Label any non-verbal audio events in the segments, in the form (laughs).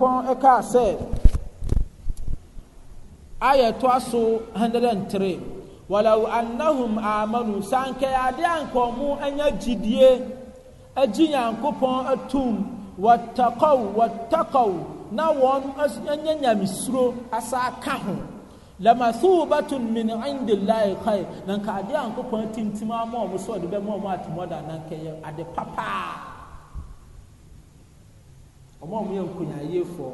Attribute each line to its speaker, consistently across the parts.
Speaker 1: nyankopɔn ɛkaa sɛ ayɛ toa so 103 walau annahum amanu saa nkɛyɛ ade a nkɔmo anya gyidie agyi nyankopɔn atum watakaw watakaw na wɔn anya nyamesuro asa ka ho lamathubatun min indillahi khair na nka ade a nkopɔn tintim ama ɔmo sɛ ɔde bɛma ɔmo atemɔda na nkɛyɛ ade papaa ɔmo a wɔyɛ nkonyaayefoɔ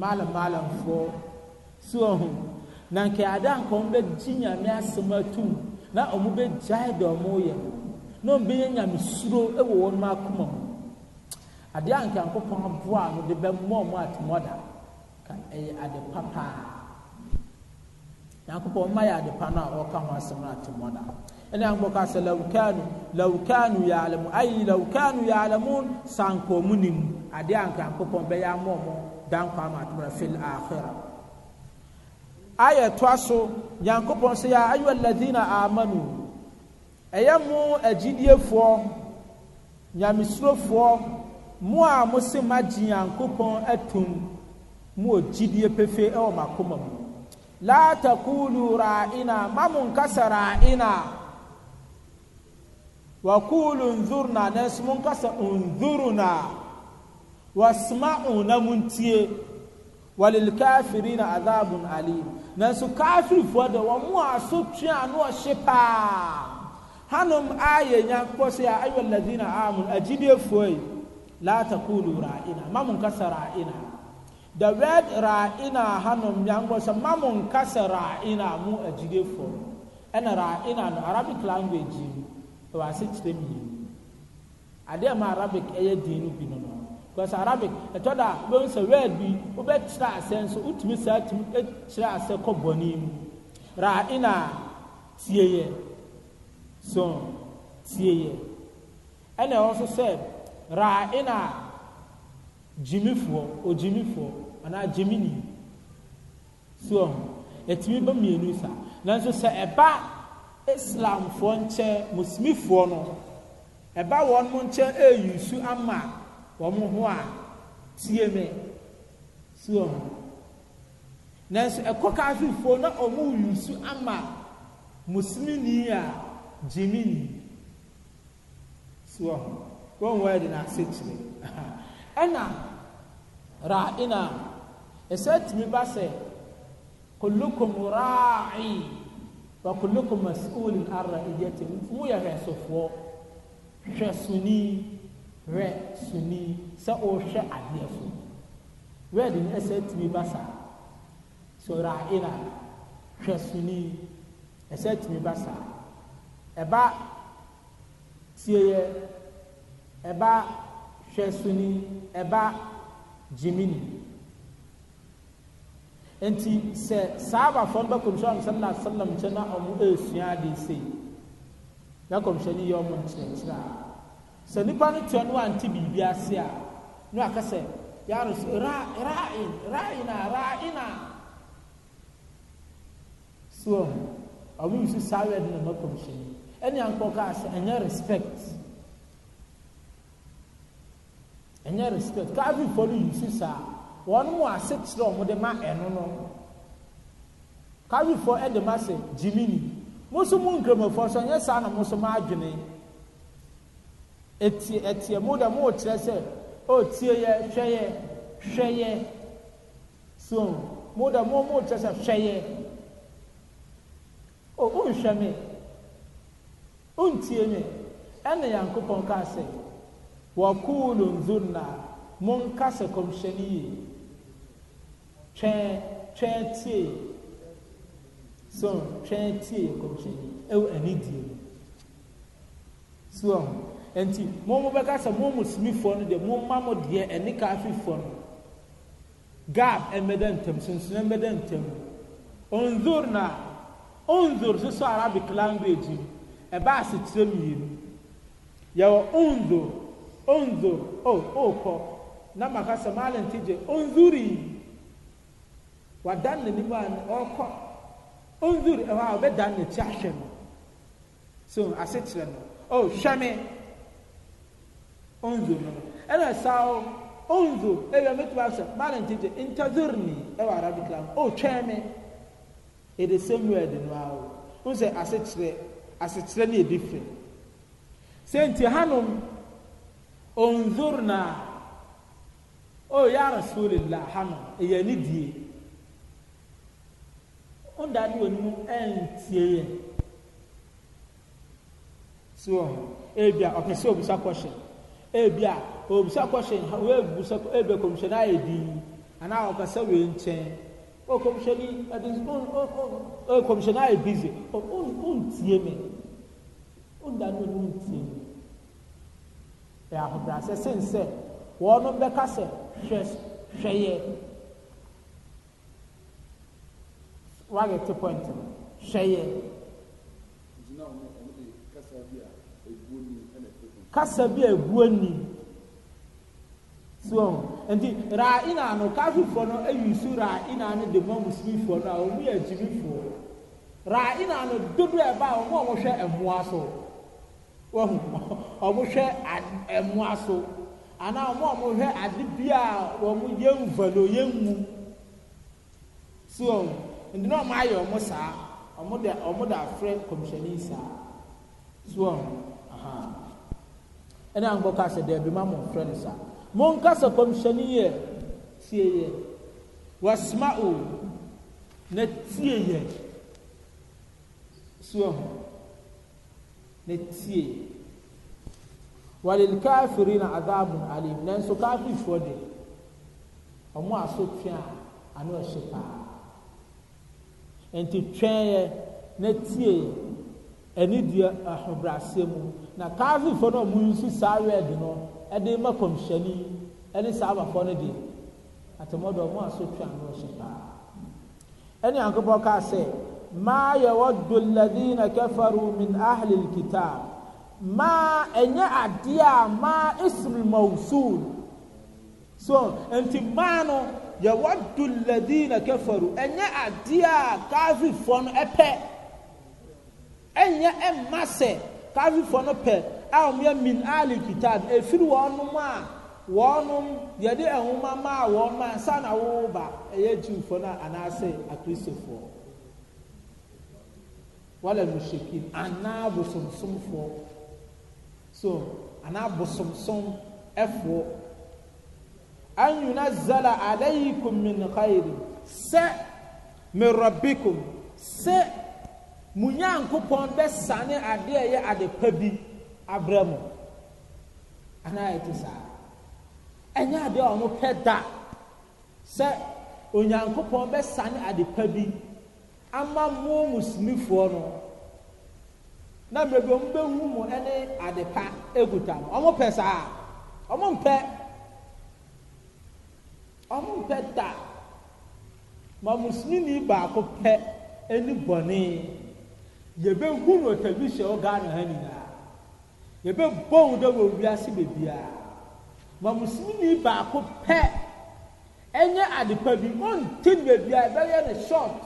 Speaker 1: maalamaalamfoɔ so ɔho na nke ada nka ɔmo bɛgye nyame asɛm atum na ɔmo bɛgyae deɛ ɔmo yɛ na ɔmo bɛyɛ nyame suro ɛwɔ wɔn akoma mu Ade a nka nkopɔn aboa no de bɛmmɔ ɔmo atemɔda ka ɛyɛ ade papaa nyankopɔn mma yɛ ade pa no a ɔka ho asɛm no atemɔda. ɛne ankɔ ka sɛ laukanu laukanu yaalamu ayi laukanu yaalamu sanko mu nim adeɛ anka akokɔn bɛyɛ ama ɔmo dan kwan fil akhira ayɛ toa so nyankopɔn sɛ yɛ ayɔ ladina amanu ɛyɛ mo agyidiefoɔ nyamesurofoɔ mo a mo se magye nyankopɔn atum mo wɔ gyidie pefee ɛwɔ mo akoma mu laa takulu ra'ina ina. mo nkasa ra'ina wakulu nzurna nanso monkasa nzuruna wasma'una muntie walilkafirina adhabun alim nanso kafirifoɔ de wɔn a asotua ano ɔhye paa hanom a yɛ nyankopɔ sɛ yɛ ayɔ ladina amun agyidiefoɔ yi la takulu ra'ina ma monkasa ra'ina the word ra'ina hanom nyankopɔ sɛ ma monkasa ra'ina mu agyidiefoɔ ɛna ra'ina no arabic language yi ɛwɔ asekyerɛ mmienu adeɛ ma arabic ɛyɛ din no bi no no because arabic ɛtɔ da bɛn sɛ word bi wobɛkyerɛ asɛ nso wotumi saa tumi e kyerɛ asɛ kɔ bɔne mu ra'ina tie yɛ so tie yɛ ɛna ɛwɔ so sɛ ra'ina gyimifoɔ ogyimifoɔ anaa gyimini so ɛtumi bɛ mmienu saa nanso sɛ ɛba islamfoɔ nkyɛn musumifoɔ no ɛba e wɔn mo nkyɛn eyi nsu ama wɔn ho a tie me si wɔn ho nanso ɛkɔ e kaafifoɔ na wɔn yi nsu ama musumini a gyimini si wɔn ho wɔn wɔn de n'ase kyerɛ (laughs) ɛna raadina ɛsɛ e tumi ba sɛ kolokom raa'i. wa kullukum ara an ra'iyatihi mu yɛ hwɛ sofoɔ hwɛ suni hwɛ suni sɛ ɔrehwɛ adeɛ so wɛd ni ɛsɛ tumi ba saa so ra'ina hwɛ ɛsɛ tumi ba ɛba tie ɛba hwɛ ɛba gyimini nti sɛ saabafoɔ no bɛkɔmhyɛ ɔm sala salam nkyɛn na ɔmo ɛresua ade sei na kɔmhyɛni yɛ ɔmo nkyerɛkyerɛ a sɛ nnipa no teɛ no wante biribi ase a ne waka sɛ yaro sɛ ra'in ra'in a ra'in a so ɔmo nsu saa wɛ de na ma kɔmhyɛni ɛne ankɔ kaa sɛ ɛnyɛ respect ɛnyɛ respect kaa fi fɔ no nsu wɔn mu ase kyerɛ wɔn de ma ɛno no karifoɔ ɛde ma se jimini mo nso mu nkramofoɔ nso nyɛ saa na mo nso mo adwene eti etie mo dɛ mo kyerɛ sɛ o tie yɛ hwɛ yɛ hwɛ yɛ so mo dɛ mo mo kyerɛ sɛ hwɛ yɛ o o nhwɛ mi o ntie mi ɛna yankopɔn kaa sɛ wɔkuulu nzunna mo nkasa kɔmhyɛni yie twɛn twɛn tie so twɛn tie kɔmhyɛni ɛwɔ anidie mu so ɔmo nti mo mo bɛka sɛ mo musumifoɔ no deɛ mo ma mo deɛ ɛne kaafifoɔ no gap ɛmɛda ntɛm sunsun ɛmɛda ntɛm onzor na onzor soso arabic language mu ɛbaa e asekyerɛ mmienu yɛwɔ onzor onzor o ookɔ na maka sɛ maa lɛ nti gye onzori wadan n'anim a ɔrekɔ onzur ɛhɔ a ɔbɛdan n'akyi ahwɛ no so ase kyerɛ no oh hwɛ me onzur no ɛna saa onzur ɛyɛ mɛtuma sɛ maala ntintin ntazur ni ɛwɔ arabic language oh twɛn me ɛde same word no awo n sɛ ase kyerɛ ase kyerɛ no yɛ different sɛ hanom onzur na oh ya rasulillah hanom ɛyɛ ne die ɔda de wɔn mu ɛntie yɛ si wɔn ho ebi a ɔpɛ sɛ obusa kɔhyɛ ebi a obusa kɔhyɛ ha oebusa ebi kɔmhyɛn ayɛ dii anaa ɔkasa wɔ nkyɛn ɔkɔmhyɛn yi ɛdi ɔ ɔ ɔ ɔkɔmhyɛn ayɛ bizi ɔ ɔ ɔntie mi ɔda de wɔn mu ntie mi ɛyɛ ahobrɛ asɛ sɛ nsɛ wɔn bɛka sɛ hwɛ hwɛ yɛ. wayɛ te point no hwɛyɛ kasa bi a ebuo ni so nti raa ina no kafifoɔ no ayi su raa ina no de ma musumifoɔ no a wɔn yɛ agyimifoɔ raa ina no dodo ɛba a wɔn a wɔhwɛ ɛmoa so wɔn wɔhwɛ ɛmoa so anaa wɔn a wɔhwɛ ade bi a wɔn yɛ nva no yɛ nwu so. nti na ɔmo ayɛ ɔmo saa ɔmo de ɔmo de afrɛ kɔmhyɛni saa so ɔmo aha ɛna nkɔ ka sɛ dɛbi ma mo frɛ no saa mo nkasa kɔmhyɛni yɛ tie yɛ wasoma o na tie yɛ so ɔmo na tie yɛ walil kafiri na adabun alim nanso kafirifoɔ de ɔmo aso twɛn a ano ɛhyɛ paa nti twɛn na tie ani di ahobrase mu na kaafifoɔ no a wɔn nso saa wɛɛdi no ɛde ma kɔmhyɛni ɛne saa abafoɔ no deɛ atɛmɔdɔ wɔn aso twɛn no ɔhyɛ paa ɛne akokɔ kaa sɛ maa yɛ wɔdo ladina kafaru min ahlil kitaa maa ɛnyɛ adeɛ a maa ismul mawsul so nti maa no yɛwɔdo ladina kafaru ɛnyɛ adeɛ a kaafifoɔ no ɛpɛ ɛnyɛ ɛmma sɛ kaafifoɔ no pɛ a wɔyɛ min ali kitab efiri wɔnom a wɔnom yɛde ɛnwoma maa wɔn ma nsa na wɔreba ɛyɛ jiwfoɔ no a anaasɛ akristofoɔ wɔlɛ mushrikin anaa bosomsomfoɔ so anaa bosomsom ɛfoɔ an yunazzala alaykum min khairin sɛ min rabbikum sɛ mo nyankopɔn bɛsane ade a ɛyɛ ade pa bi abrɛ mo anaa ɛte saa ɛnyɛ ade a ɔmo da sɛ onyankopɔn bɛsane ade pa bi ama mo musumifoɔ no na mmerɛ bi ɔmo bɛhu mo ne ade pa ekuta mo saa ɔmo ɔmo mpɛ da ma musumini baako pɛ ɛni bɔnee yɛbɛ hu no television wɔ ghana ha nyinaa yɛbɛ bɔn dɛ wɔ wiase bebiara ma musumini baako pɛ ɛnyɛ adepa bi ɔnte ne bebiara ɛbɛyɛ ne short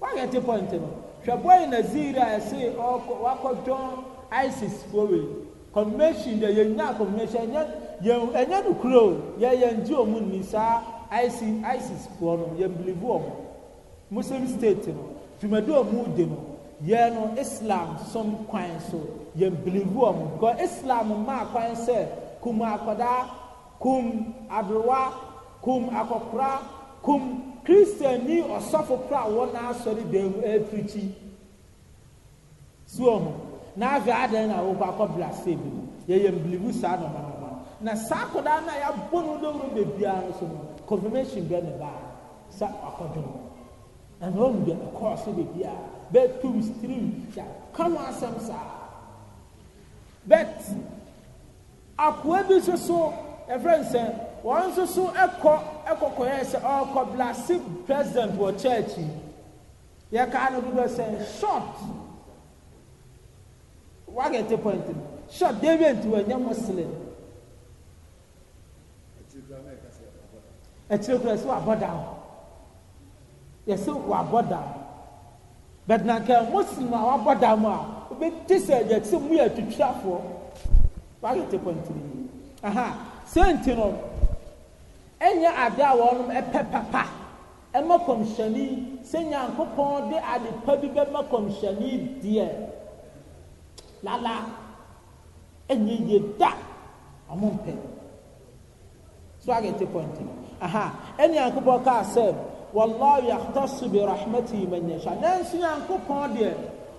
Speaker 1: wɔayɛ te point no hwɛ bɔyi na ziiri a ɛsɛ ɔkɔ wakɔ dɔn isis fowee convention deɛ yɛnya convention nyɛ yɛn ɛnyɛ no kuro yɛ yɛn gye wɔn ni saa ic isis foɔ no yɛn bilivu wɔn muslim state no dwumadi wɔn di no yɛn no islam som kwan so yɛn bilivu wɔn because islam maa kwan sɛ kum akwadaa kum aberewa kum akɔkora kum kristian ni ɔsɔfo kora a wɔn asɔre dan mu ɛfirikyi si wɔn na adan na wɔkɔ akɔbla seebi no yɛ yɛn bilivu saa nɔɔma na saa akwadaa na a yɛabɔ no dawuro bebiara no so no confirmation bɛ ne ba sa akɔdwono ɛno ɔmu deɛ ɛkɔɔ so bebiara bɛɛ two weeks three weeks yɛaka ho asɛm saa but akoa bi nso so ɛfrɛ nsɛ wɔn nso so ɛkɔ ɛkɔkɔyɛ sɛ ɔrekɔ blase president wɔ kyɛɛkyi yɛkaa no dodoɔ sɛ short wagɛte point no short david wɔ nyɛ muslim akyire kura yɛsɛ wabɔ dan yɛsɛ wabɔ dan bɛt na nka muslim a wabɔ dan mu a obɛti sɛ yɛte sɛ mu yɛ atwitwafoɔ wagete kɔntiri aha sɛnti no ɛnyɛ ade a wɔnom ɛpɛ papa ɛma kɔmhyɛni sɛ nyankopɔn de ade pa bi bɛma kɔmhyɛni deɛ lala ɛnyɛ yie da ɔmo mpɛ so agete kɔntiri aha ɛne nyankopɔn kaa sɛ wallahu yahtasu bi rahmatihi man yasha nanso nyankopɔn deɛ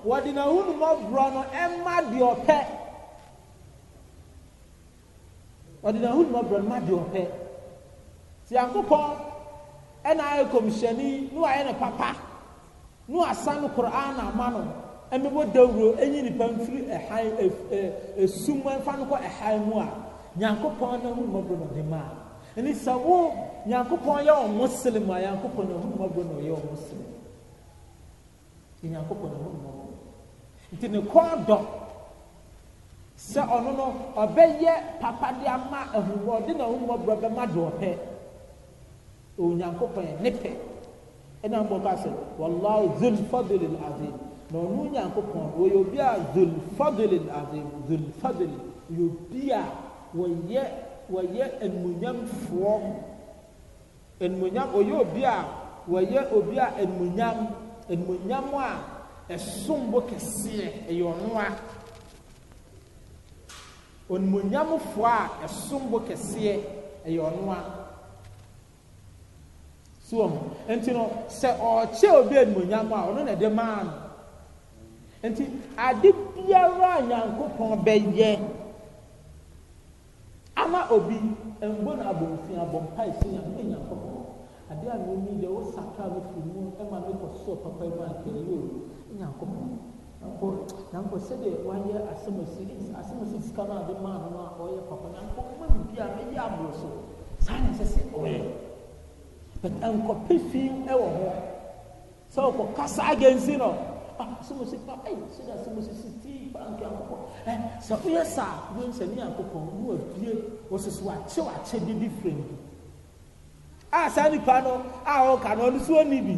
Speaker 1: wɔde n'ahonumɔborɔ no ɛma deɛ ɔpɛ wɔde n'ahonumɔborɔ no ma deɛ ɔpɛ nti nyankopɔn ɛna ayɛ kɔmhyɛni ne wayɛ ne papa ne wasa no koraa na ama no ɛmɛbɔ dawuro ɛnyi nipa mfiri ɛhan ɛ ɛ esum ɛfa no kɔ ɛhan mu a nyankopɔn n'ahonumɔborɔ no de maa ɛni sɛ wo nyankopɔn yɛ wɔn muslim a nyankopɔn na ɔhunu mɔbɔ na ɔyɛ wɔn muslim nyankopɔn na ɔhunu mɔbɔ nti ne kɔn dɔ sɛ ɔno no ɔbɛyɛ papa de ama ɛhunu ɔde na ɔhunu mɔbɔ bɛma deɛ ɔpɛ onyankopɔn yɛ ne pɛ ɛna mbɔ ka sɛ wɔlɔɔ zul fadulil azim na ɔno nyankopɔn ɔyɛ obi a zul fadulil azim zul fadulil yɛ obi a wɔyɛ wɔyɛ animuonyamfoɔ animuonyam ɔyɛ obi a wɔyɛ obi a animuonyam animuonyam a ɛsom bo kɛseɛ ɛyɛ ɔno a onimuonyamfoɔ a ɛsom bo kɛseɛ ɛyɛ ɔno a so wɔn nti no sɛ ɔrekyɛ obi animuonyam a ɔno na ɛde maa no nti ade biara a nyankopɔn bɛyɛ ama obi mbɔ no abɔnfin abɔ mpa esi ya mbɛ nya kɔ adeɛ a wɔn mi deɛ wɔsakra no fi mu ɛma no kɔ sɔɔ papa mu a kɛlɛ yɛ owu nya kɔ nankɔ nankɔ sɛdeɛ wayɛ asɛmɔsi asɛmɔsi sika no a de maa no a ɔyɛ papa nankɔ ɔma mi bi a mɛyɛ aburo so saa na ɛsɛ sɛ ɔyɛ but nkɔpɛ fi ɛwɔ hɔ sɛ ɔkɔ kasa agensi no ah sɛ mo si pa ɛy sɛda sɛ mo si si ti banki akokɔ ɛ sɛ woyɛ saa wensani akokɔ wo afie wo soso akyɛ wakyɛ de different a saa nipa no a ɔka no ɔno so ɔni bi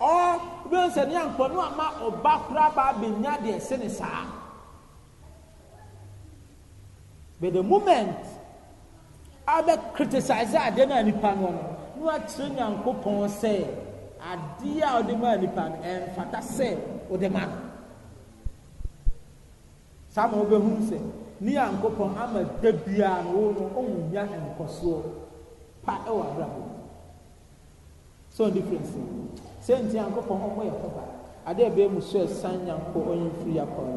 Speaker 1: ɔ wensani akokɔ no ama ɔba kora ba abɛnya deɛ ɛsɛ ne saa but the moment abɛ ah, criticize adeɛ ah, no a nipa no no na wakyerɛ nyankopɔn sɛ adeɛ a ɔde maa nipa eh, no ɛnfata sɛ ɔde ma no saa ma ɔbɛhunu sɛ ne yankopɔn ama da biara no wɔn no ɔmo nya nkɔsoɔ pa ɛwɔ e abrabɔ so difference sɛ nti yankopɔn ɔmo yɛ papa adeɛ bɛyɛ mu so ɛsan yanko ɔnye firi akɔrɔ.